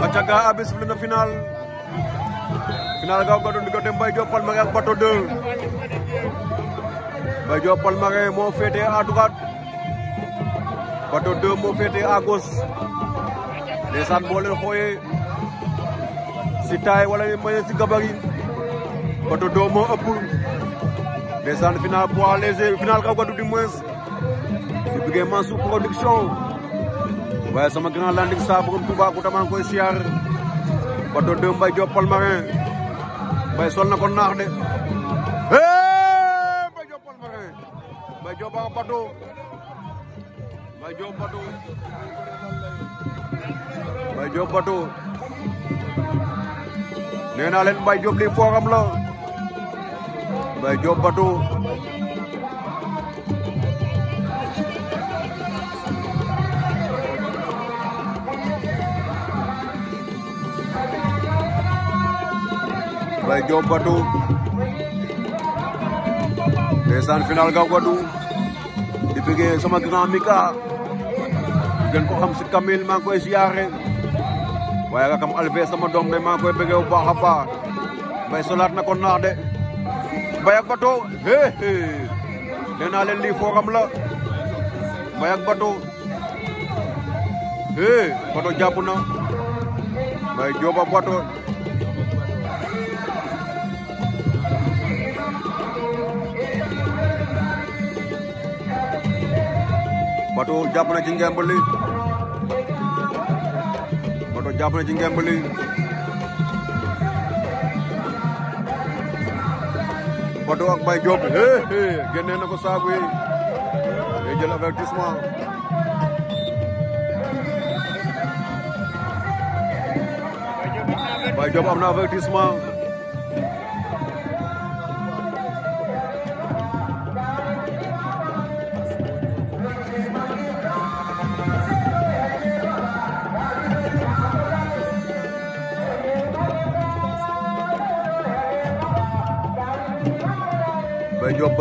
Pathiaga Abbé sifflé na final final ga doon diggante Mbaye Diop Palmarin ak Bato 2 Mbaye Diop Palmarin moo féete à droite Bato 2 moo féete à gauche ndeysaan boo leen xoolee si taay wala mënee si gabari Bato 2 moo ëpp ndeysaan final poids léger final ga du di moins di bëggee Mansour production waaye sama grand landing saa borom Toubacouta maa ngi koy siyaar bato deux mbay Diop marin bay sol na ko naax de eh mbay Diop marin bay Diop ak bato mbay Diop bato mbay Diop bato nee naa leen mbay Diop lii fooram la bay Diop bato Mbaye Diop Badou ndeysaan final ga Badou di bëggee sama grand Mika gën ko xam si Kamil maa ngi koy siyaare waaye nga xam sama doom de maa ngi koy bëggee bu solaat na ko naax de Mbaye ak hee hee nee naa leen lii fooram la Mbaye ak hee Badou jàpp na Mbaye Diop Badou Bato jàpp na ci ngemb ko saaku yi day jël avertissement Mbaye Diop am na avertissement Mbaye Diop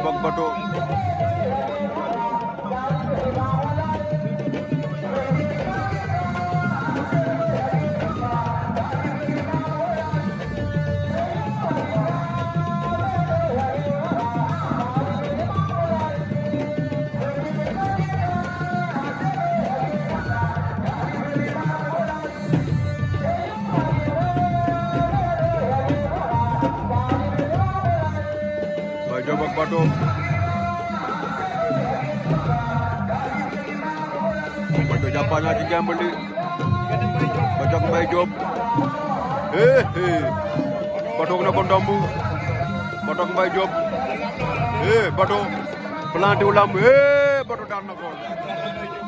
Diop ak Bato Papa Diop ak Bato Papa Diop jàppaan naa ci ngemb li ba jox Mbaye Diop Bato na ko ndombu Bato Bato planté wu lamb Bato daan na ko